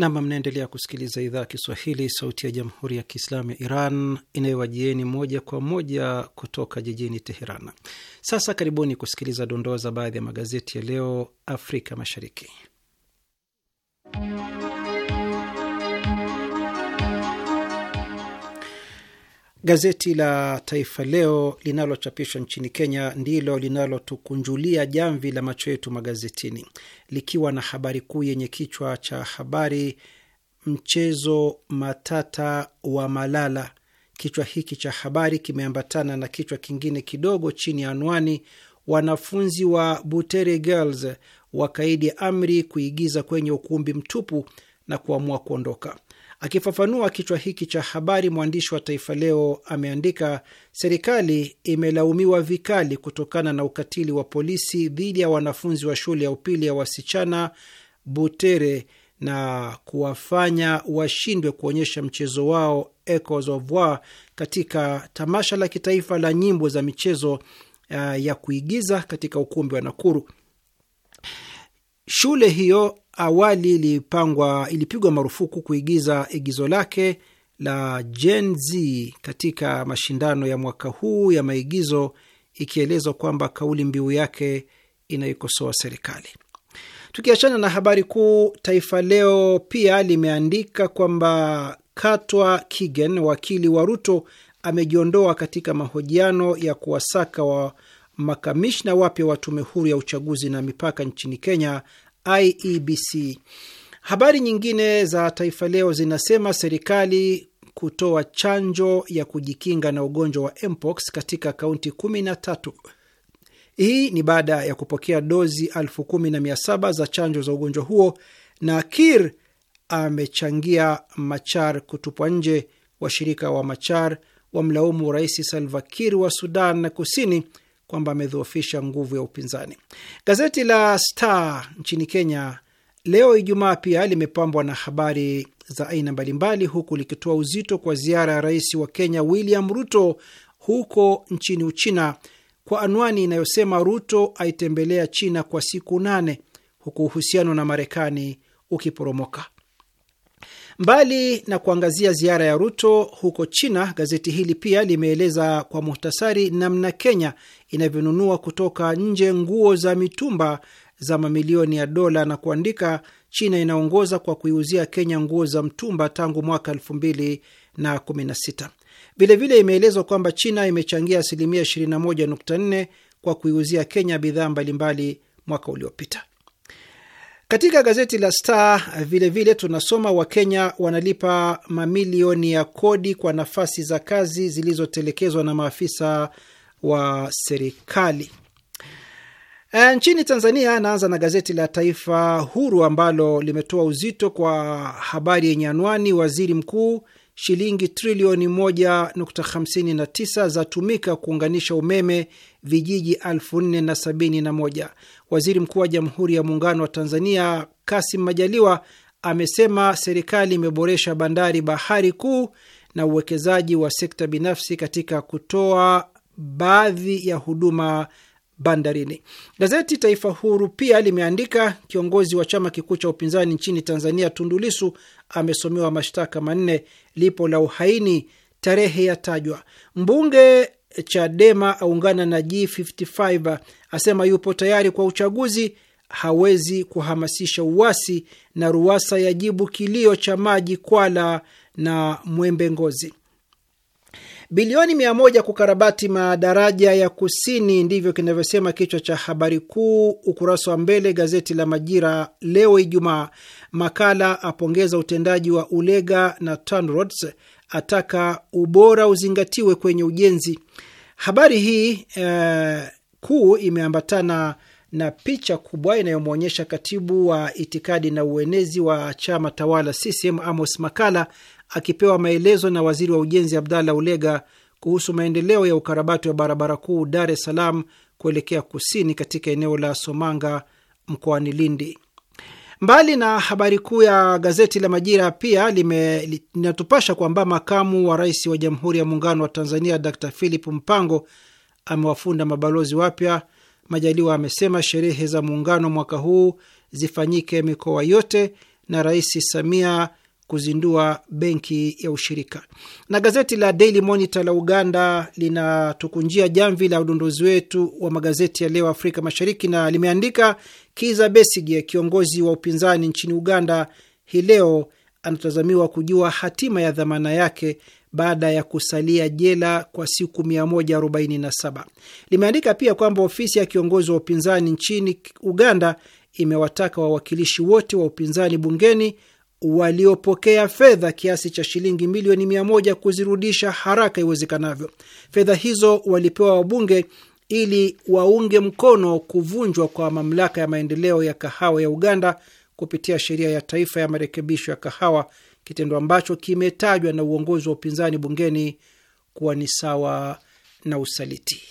Nam, mnaendelea kusikiliza idhaa ya Kiswahili, sauti ya jamhuri ya kiislamu ya Iran inayowajieni moja kwa moja kutoka jijini Teheran. Sasa karibuni kusikiliza dondoo za baadhi ya magazeti ya leo Afrika Mashariki. Gazeti la Taifa Leo linalochapishwa nchini Kenya ndilo linalotukunjulia jamvi la macho yetu magazetini, likiwa na habari kuu yenye kichwa cha habari mchezo matata wa Malala. Kichwa hiki cha habari kimeambatana na kichwa kingine kidogo chini ya anwani, wanafunzi wa Butere Girls wakaidi amri kuigiza kwenye ukumbi mtupu na kuamua kuondoka. Akifafanua kichwa hiki cha habari, mwandishi wa Taifa Leo ameandika, serikali imelaumiwa vikali kutokana na ukatili wa polisi dhidi ya wanafunzi wa shule ya upili ya wasichana Butere na kuwafanya washindwe kuonyesha mchezo wao Echoes of War katika tamasha la kitaifa la nyimbo za michezo uh, ya kuigiza katika ukumbi wa Nakuru. Shule hiyo awali ilipangwa, ilipigwa marufuku kuigiza igizo lake la Gen Z katika mashindano ya mwaka huu ya maigizo, ikielezwa kwamba kauli mbiu yake inaikosoa serikali. Tukiachana na habari kuu, Taifa Leo pia limeandika kwamba Katwa Kigen, wakili wa Ruto, amejiondoa katika mahojiano ya kuwasaka wa makamishna wapya wa tume huru ya uchaguzi na mipaka nchini Kenya IEBC. Habari nyingine za Taifa Leo zinasema serikali kutoa chanjo ya kujikinga na ugonjwa wa mpox katika kaunti kumi na tatu. Hii ni baada ya kupokea dozi elfu kumi na mia saba za chanjo za ugonjwa huo, na Kir amechangia Machar kutupwa nje. Washirika wa Machar wamlaumu Rais Salva Kir wa Sudan na Kusini kwamba amedhoofisha nguvu ya upinzani. Gazeti la Star nchini Kenya leo Ijumaa pia limepambwa na habari za aina mbalimbali, huku likitoa uzito kwa ziara ya rais wa Kenya William Ruto huko nchini Uchina kwa anwani inayosema Ruto aitembelea China kwa siku nane huku uhusiano na Marekani ukiporomoka. Mbali na kuangazia ziara ya Ruto huko China, gazeti hili pia limeeleza kwa muhtasari namna Kenya inavyonunua kutoka nje nguo za mitumba za mamilioni ya dola na kuandika, China inaongoza kwa kuiuzia Kenya nguo za mtumba tangu mwaka 216 Vilevile imeelezwa kwamba China imechangia asilimia 21.4 kwa kuiuzia Kenya bidhaa mbalimbali mwaka uliopita. Katika gazeti la Star vilevile vile tunasoma Wakenya wanalipa mamilioni ya kodi kwa nafasi za kazi zilizotelekezwa na maafisa wa serikali. E, nchini Tanzania, anaanza na gazeti la Taifa Huru ambalo limetoa uzito kwa habari yenye anwani waziri mkuu shilingi trilioni 1.59 zatumika kuunganisha umeme vijiji 4071. Waziri Mkuu wa Jamhuri ya Muungano wa Tanzania Kasim Majaliwa amesema serikali imeboresha bandari Bahari Kuu na uwekezaji wa sekta binafsi katika kutoa baadhi ya huduma bandarini. Gazeti Taifa Huru pia limeandika kiongozi wa chama kikuu cha upinzani nchini Tanzania tundulisu amesomewa mashtaka manne, lipo la uhaini, tarehe yatajwa. Mbunge Chadema aungana na G55 asema yupo tayari kwa uchaguzi, hawezi kuhamasisha uwasi na Ruwasa yajibu kilio cha maji Kwala na Mwembe Ngozi bilioni mia moja kukarabati madaraja ya kusini, ndivyo kinavyosema kichwa cha habari kuu ukurasa wa mbele gazeti la Majira leo Ijumaa. Makala apongeza utendaji wa Ulega na TANROADS, ataka ubora uzingatiwe kwenye ujenzi. Habari hii eh, kuu imeambatana na picha kubwa inayomwonyesha katibu wa itikadi na uenezi wa chama tawala CCM Amos Makala akipewa maelezo na waziri wa ujenzi Abdalla Ulega kuhusu maendeleo ya ukarabati wa barabara kuu Dar es Salaam kuelekea kusini katika eneo la Somanga mkoani Lindi. Mbali na habari kuu ya gazeti la Majira, pia linatupasha kwamba makamu wa rais wa Jamhuri ya Muungano wa Tanzania Dr Philip Mpango amewafunda mabalozi wapya. Majaliwa amesema sherehe za muungano mwaka huu zifanyike mikoa yote, na Rais Samia kuzindua benki ya ushirika. Na gazeti la Daily Monitor la Uganda linatukunjia jamvi la udondozi wetu wa magazeti ya leo Afrika Mashariki, na limeandika Kiza Besigye, kiongozi wa upinzani nchini Uganda, hii leo anatazamiwa kujua hatima ya dhamana yake baada ya kusalia jela kwa siku 147. Limeandika pia kwamba ofisi ya kiongozi wa upinzani nchini Uganda imewataka wawakilishi wote wa upinzani bungeni waliopokea fedha kiasi cha shilingi milioni mia moja kuzirudisha haraka iwezekanavyo. Fedha hizo walipewa wabunge ili waunge mkono kuvunjwa kwa mamlaka ya maendeleo ya kahawa ya Uganda kupitia sheria ya taifa ya marekebisho ya kahawa, kitendo ambacho kimetajwa na uongozi wa upinzani bungeni kuwa ni sawa na usaliti.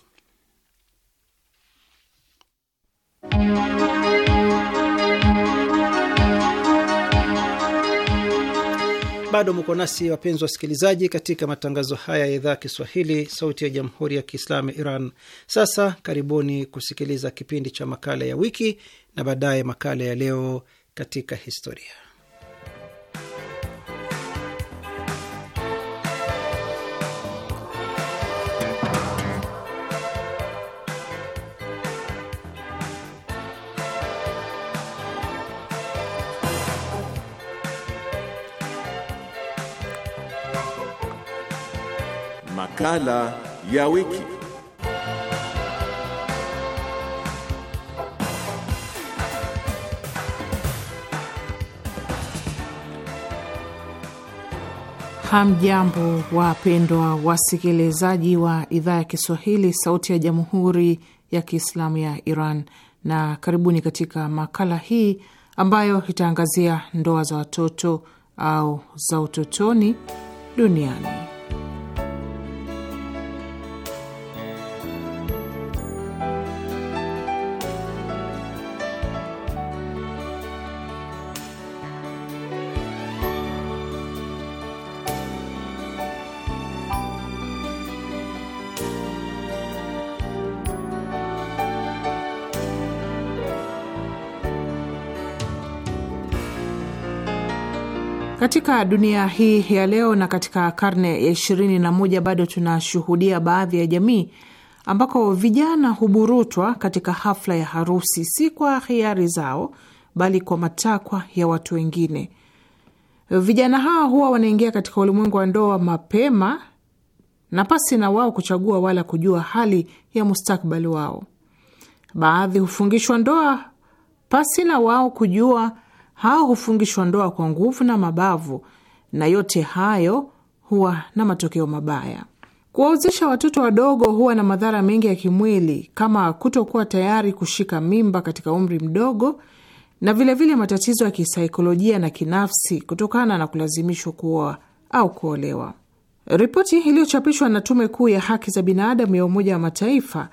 bado mko nasi wapenzi wasikilizaji, katika matangazo haya ya idhaa ya Kiswahili, Sauti ya Jamhuri ya Kiislamu ya Iran. Sasa karibuni kusikiliza kipindi cha makala ya wiki na baadaye makala ya leo katika historia. Makala ya wiki. Hamjambo, wapendwa wasikilizaji wa idhaa ya Kiswahili, Sauti ya Jamhuri ya Kiislamu ya Iran, na karibuni katika makala hii ambayo itaangazia ndoa za watoto au za utotoni duniani. Katika dunia hii ya leo na katika karne ya ishirini na moja bado tunashuhudia baadhi ya jamii ambako vijana huburutwa katika hafla ya harusi, si kwa hiari zao, bali kwa matakwa ya watu wengine. Vijana hawa huwa wanaingia katika ulimwengu wa ndoa mapema na pasi na wao kuchagua wala kujua hali ya mustakbali wao. Baadhi hufungishwa ndoa pasi na wao kujua hao hufungishwa ndoa kwa nguvu na mabavu, na yote hayo huwa na matokeo mabaya. Kuwaozesha watoto wadogo huwa na madhara mengi ya kimwili kama kutokuwa tayari kushika mimba katika umri mdogo, na vilevile vile matatizo ya kisaikolojia na kinafsi kutokana na kulazimishwa kuoa au kuolewa. Ripoti iliyochapishwa na Tume Kuu ya Haki za Binadamu ya Umoja wa Mataifa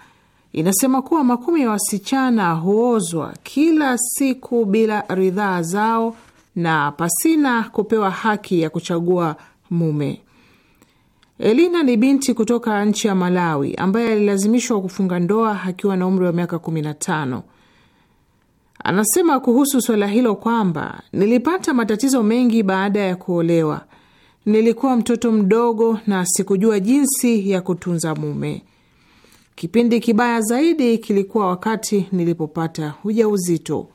inasema kuwa makumi ya wasichana huozwa kila siku bila ridhaa zao na pasina kupewa haki ya kuchagua mume. Elina ni binti kutoka nchi ya Malawi ambaye alilazimishwa kufunga ndoa akiwa na umri wa miaka 15. Anasema kuhusu suala hilo kwamba nilipata matatizo mengi baada ya kuolewa. Nilikuwa mtoto mdogo na sikujua jinsi ya kutunza mume. Kipindi kibaya zaidi kilikuwa wakati nilipopata ujauzito,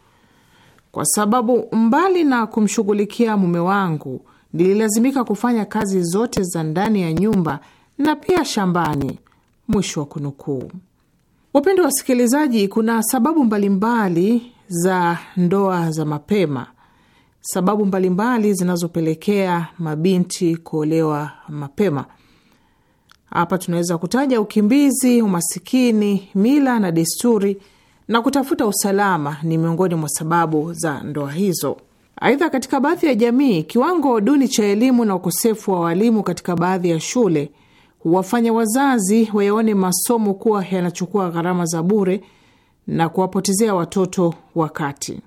kwa sababu mbali na kumshughulikia mume wangu, nililazimika kufanya kazi zote za ndani ya nyumba na pia shambani. Mwisho wa kunukuu. Wapendwa wasikilizaji, kuna sababu mbalimbali mbali za ndoa za mapema, sababu mbalimbali zinazopelekea mabinti kuolewa mapema. Hapa tunaweza kutaja ukimbizi, umasikini, mila na desturi na kutafuta usalama ni miongoni mwa sababu za ndoa hizo. Aidha, katika baadhi ya jamii, kiwango duni cha elimu na ukosefu wa walimu katika baadhi ya shule huwafanya wazazi wayaone masomo kuwa yanachukua gharama za bure na kuwapotezea watoto wakati.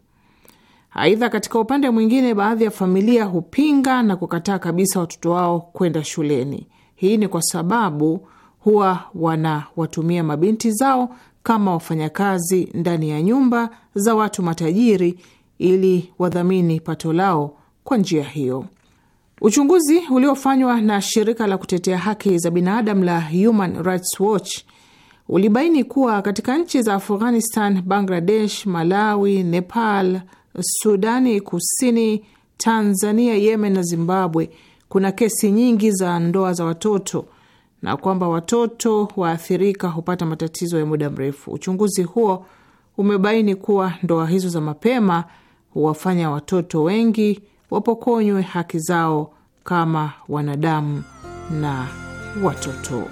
Aidha, katika upande mwingine, baadhi ya familia hupinga na kukataa kabisa watoto wao kwenda shuleni. Hii ni kwa sababu huwa wanawatumia mabinti zao kama wafanyakazi ndani ya nyumba za watu matajiri ili wadhamini pato lao kwa njia hiyo. Uchunguzi uliofanywa na shirika la kutetea haki za binadamu la Human Rights Watch ulibaini kuwa katika nchi za Afghanistan, Bangladesh, Malawi, Nepal, Sudani Kusini, Tanzania, Yemen na Zimbabwe kuna kesi nyingi za ndoa za watoto na kwamba watoto waathirika hupata matatizo ya muda mrefu. Uchunguzi huo umebaini kuwa ndoa hizo za mapema huwafanya watoto wengi wapokonywe haki zao kama wanadamu na watoto.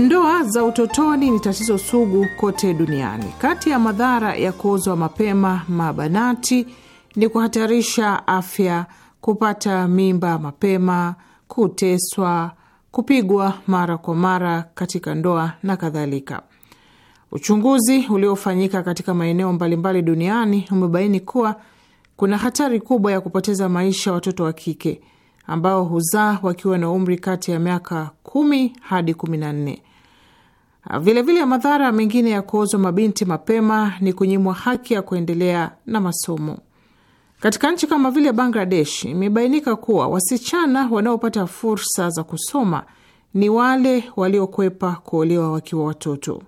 Ndoa za utotoni ni tatizo sugu kote duniani. Kati ya madhara ya kuozwa mapema mabanati ni kuhatarisha afya, kupata mimba mapema, kuteswa, kupigwa mara kwa mara katika ndoa na kadhalika. Uchunguzi uliofanyika katika maeneo mbalimbali duniani umebaini kuwa kuna hatari kubwa ya kupoteza maisha watoto wa kike ambao huzaa wakiwa na umri kati ya miaka kumi hadi kumi na nne. Vilevile, madhara mengine ya kuozwa mabinti mapema ni kunyimwa haki ya kuendelea na masomo. Katika nchi kama vile Bangladesh, imebainika kuwa wasichana wanaopata fursa za kusoma ni wale waliokwepa kuolewa wakiwa watoto.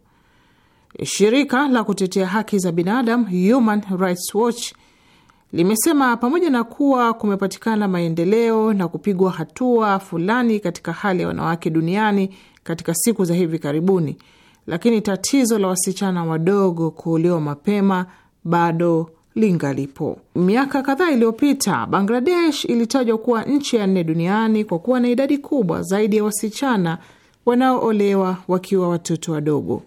Shirika la kutetea haki za binadamu Human Rights Watch limesema pamoja na kuwa kumepatikana maendeleo na kupigwa hatua fulani katika hali ya wanawake duniani katika siku za hivi karibuni, lakini tatizo la wasichana wadogo kuolewa mapema bado lingalipo. Miaka kadhaa iliyopita, Bangladesh ilitajwa kuwa nchi ya nne duniani kwa kuwa na idadi kubwa zaidi ya wasichana wanaoolewa wakiwa watoto wadogo.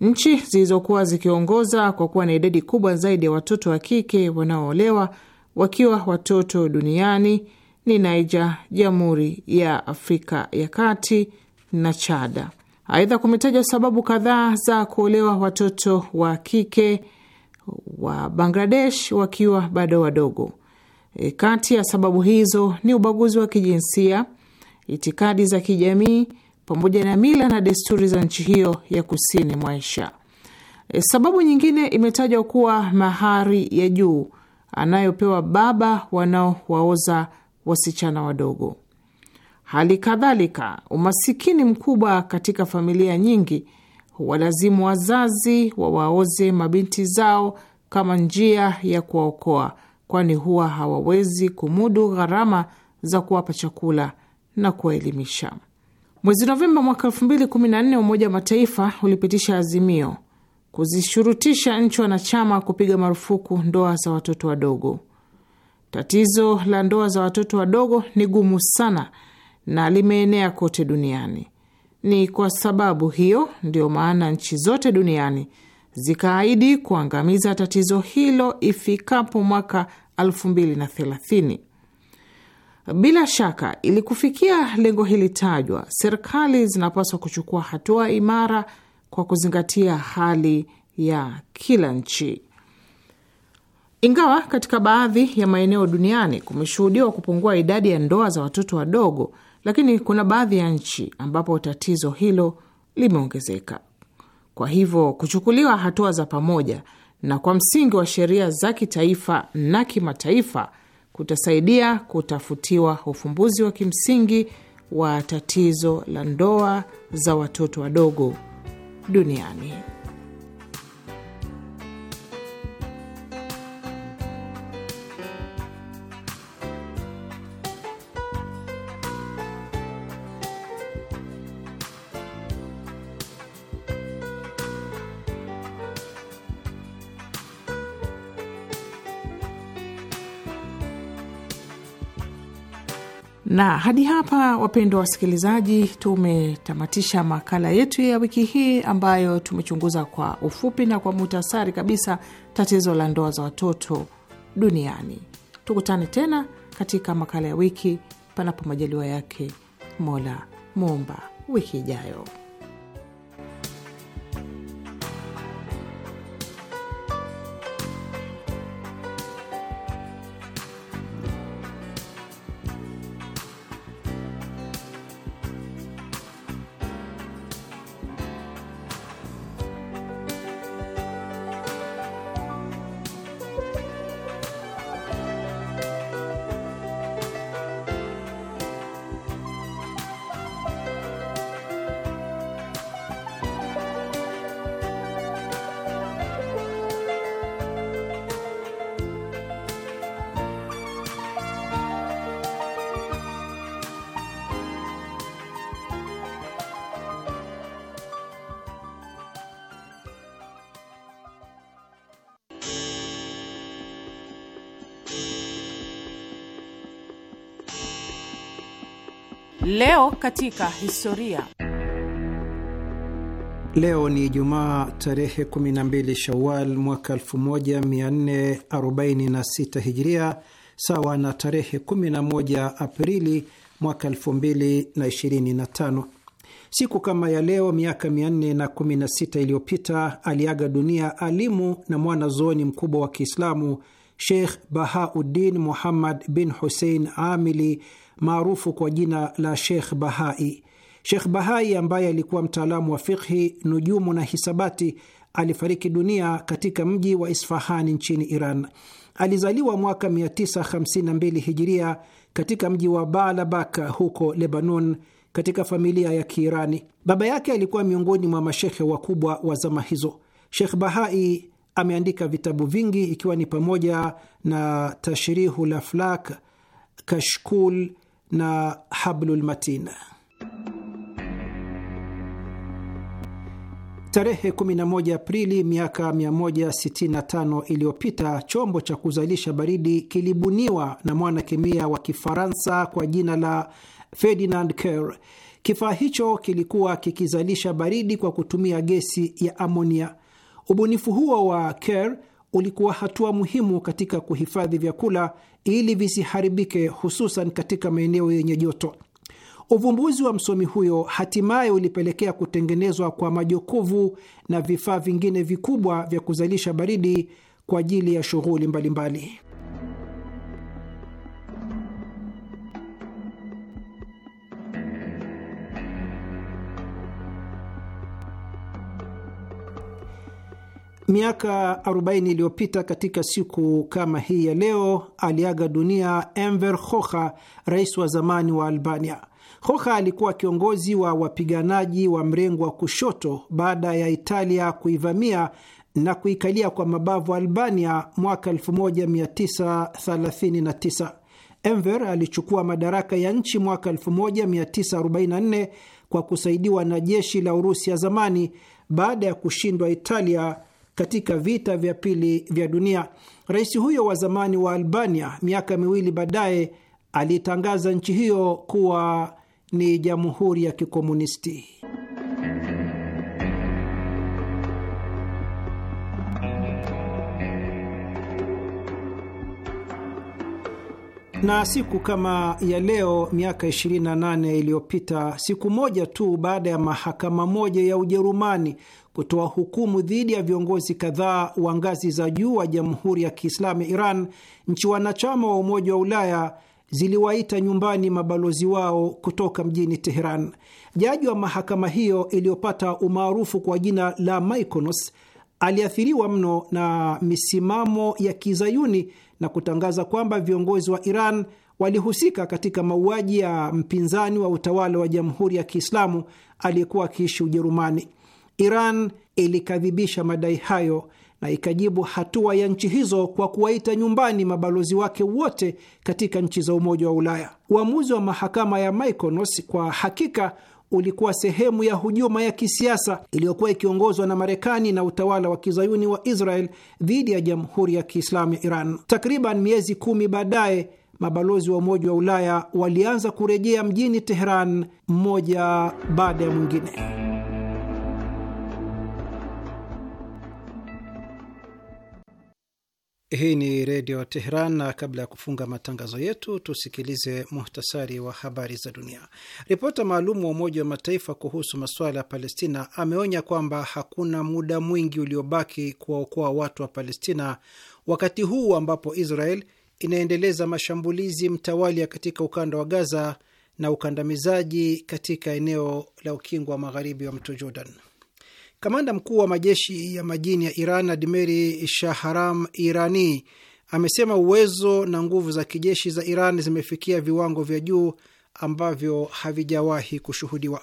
Nchi zilizokuwa zikiongoza kwa kuwa na idadi kubwa zaidi ya watoto wa kike wanaoolewa wakiwa watoto duniani ni Niger, Jamhuri ya Afrika ya Kati, na Chada. Aidha, kumetaja sababu kadhaa za kuolewa watoto wa kike wa Bangladesh wakiwa bado wadogo. E, kati ya sababu hizo ni ubaguzi wa kijinsia, itikadi za kijamii, pamoja na mila na desturi za nchi hiyo ya kusini mwa Asia. E, sababu nyingine imetajwa kuwa mahari ya juu anayopewa baba wanaowaoza wasichana wadogo. Hali kadhalika umasikini mkubwa katika familia nyingi huwalazimu wazazi wawaoze mabinti zao kama njia ya kuwaokoa, kwani huwa hawawezi kumudu gharama za kuwapa chakula na kuwaelimisha. Mwezi Novemba mwaka 2014 Umoja wa Mataifa ulipitisha azimio kuzishurutisha nchi wanachama kupiga marufuku ndoa za watoto wadogo. Tatizo la ndoa za watoto wadogo ni gumu sana na limeenea kote duniani. Ni kwa sababu hiyo ndiyo maana nchi zote duniani zikaahidi kuangamiza tatizo hilo ifikapo mwaka 2030. Bila shaka, ili kufikia lengo hili tajwa, serikali zinapaswa kuchukua hatua imara kwa kuzingatia hali ya kila nchi. Ingawa katika baadhi ya maeneo duniani kumeshuhudiwa kupungua idadi ya ndoa za watoto wadogo, lakini kuna baadhi ya nchi ambapo tatizo hilo limeongezeka. Kwa hivyo kuchukuliwa hatua za pamoja na kwa msingi wa sheria za kitaifa na kimataifa kutasaidia kutafutiwa ufumbuzi wa kimsingi wa tatizo la ndoa za watoto wadogo duniani. na hadi hapa, wapendwa wasikilizaji, tumetamatisha makala yetu ya wiki hii ambayo tumechunguza kwa ufupi na kwa muhtasari kabisa tatizo la ndoa za watoto duniani. Tukutane tena katika makala ya wiki, panapo majaliwa yake Mola Muumba, wiki ijayo. katika historia. Leo ni Jumaa tarehe 12 Shawal mwaka 1446 Hijria, sawa na tarehe 11 Aprili mwaka 2025. Siku kama ya leo miaka 416 iliyopita aliaga dunia alimu na mwanazuoni mkubwa wa Kiislamu Sheikh Bahauddin Muhammad bin Hussein Amili maarufu kwa jina la Sheikh Bahai. Sheikh Bahai ambaye alikuwa mtaalamu wa fikhi, nujumu na hisabati alifariki dunia katika mji wa Isfahani nchini Iran. Alizaliwa mwaka 952 hijiria katika mji wa Baalabak huko Lebanon, katika familia ya Kiirani. Baba yake alikuwa miongoni mwa mashekhe wakubwa wa zama hizo. Shekh Bahai ameandika vitabu vingi ikiwa ni pamoja na Tashrihu Laflak, Kashkul, na hablul Tarehe 11 Aprili miaka 165 iliyopita chombo cha kuzalisha baridi kilibuniwa na mwanakemia wa Kifaransa kwa jina la Ferdinand Care. Kifaa hicho kilikuwa kikizalisha baridi kwa kutumia gesi ya amonia. Ubunifu huo wa Care ulikuwa hatua muhimu katika kuhifadhi vyakula ili visiharibike, hususan katika maeneo yenye joto. Uvumbuzi wa msomi huyo hatimaye ulipelekea kutengenezwa kwa majokovu na vifaa vingine vikubwa vya kuzalisha baridi kwa ajili ya shughuli mbalimbali. Miaka 40 iliyopita katika siku kama hii ya leo aliaga dunia Enver Hoxha, rais wa zamani wa Albania. Hoxha alikuwa kiongozi wa wapiganaji wa mrengo wa kushoto baada ya Italia kuivamia na kuikalia kwa mabavu Albania mwaka 1939. Enver alichukua madaraka ya nchi mwaka 1944 kwa kusaidiwa na jeshi la Urusi ya zamani baada ya kushindwa Italia katika vita vya pili vya dunia. Rais huyo wa zamani wa Albania miaka miwili baadaye alitangaza nchi hiyo kuwa ni jamhuri ya kikomunisti. Na siku kama ya leo miaka 28 iliyopita, siku moja tu baada ya mahakama moja ya Ujerumani kutoa hukumu dhidi ya viongozi kadhaa wa ngazi za juu wa Jamhuri ya Kiislamu ya Iran, nchi wanachama wa Umoja wa Ulaya ziliwaita nyumbani mabalozi wao kutoka mjini Teheran. Jaji wa mahakama hiyo iliyopata umaarufu kwa jina la Mykonos aliathiriwa mno na misimamo ya kizayuni na kutangaza kwamba viongozi wa Iran walihusika katika mauaji ya mpinzani wa utawala wa Jamhuri ya Kiislamu aliyekuwa akiishi Ujerumani. Iran ilikadhibisha madai hayo na ikajibu hatua ya nchi hizo kwa kuwaita nyumbani mabalozi wake wote katika nchi za Umoja wa Ulaya. Uamuzi wa mahakama ya Mykonos kwa hakika ulikuwa sehemu ya hujuma ya kisiasa iliyokuwa ikiongozwa na Marekani na utawala wa kizayuni wa Israel dhidi ya Jamhuri ya Kiislamu ya Iran. Takriban miezi kumi baadaye, mabalozi wa Umoja wa Ulaya walianza kurejea mjini Teheran mmoja baada ya mwingine. Hii ni Redio Teheran, na kabla ya kufunga matangazo yetu tusikilize muhtasari wa habari za dunia. Ripota maalum wa Umoja wa Mataifa kuhusu masuala ya Palestina ameonya kwamba hakuna muda mwingi uliobaki kuwaokoa watu wa Palestina wakati huu ambapo Israel inaendeleza mashambulizi mtawalia katika ukanda wa Gaza na ukandamizaji katika eneo la ukingo wa magharibi wa mto Jordan. Kamanda mkuu wa majeshi ya majini ya Iran Admeri Shahram Irani amesema uwezo na nguvu za kijeshi za Iran zimefikia viwango vya juu ambavyo havijawahi kushuhudiwa.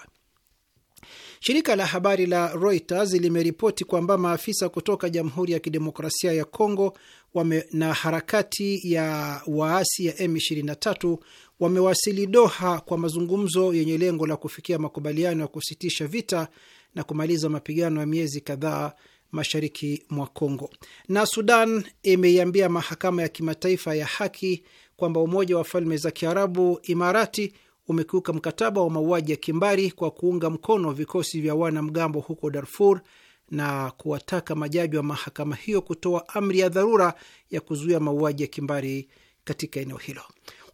Shirika la habari la Reuters limeripoti kwamba maafisa kutoka Jamhuri ya Kidemokrasia ya Kongo wame na harakati ya waasi ya M23 wamewasili Doha kwa mazungumzo yenye lengo la kufikia makubaliano ya kusitisha vita na kumaliza mapigano ya miezi kadhaa mashariki mwa Kongo. Na Sudan imeiambia mahakama ya kimataifa ya haki kwamba Umoja wa Falme za Kiarabu, Imarati, umekiuka mkataba wa mauaji ya kimbari kwa kuunga mkono vikosi vya wanamgambo huko Darfur na kuwataka majaji wa mahakama hiyo kutoa amri ya dharura ya kuzuia mauaji ya kimbari katika eneo hilo.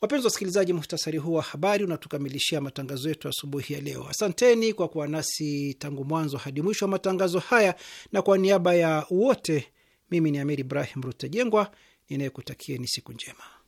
Wapenzi wa wasikilizaji, muhtasari huu wa habari unatukamilishia matangazo yetu asubuhi ya leo. Asanteni kwa kuwa nasi tangu mwanzo hadi mwisho wa matangazo haya, na kwa niaba ya wote, mimi ni Amiri Ibrahim Rutejengwa ninayekutakieni siku njema.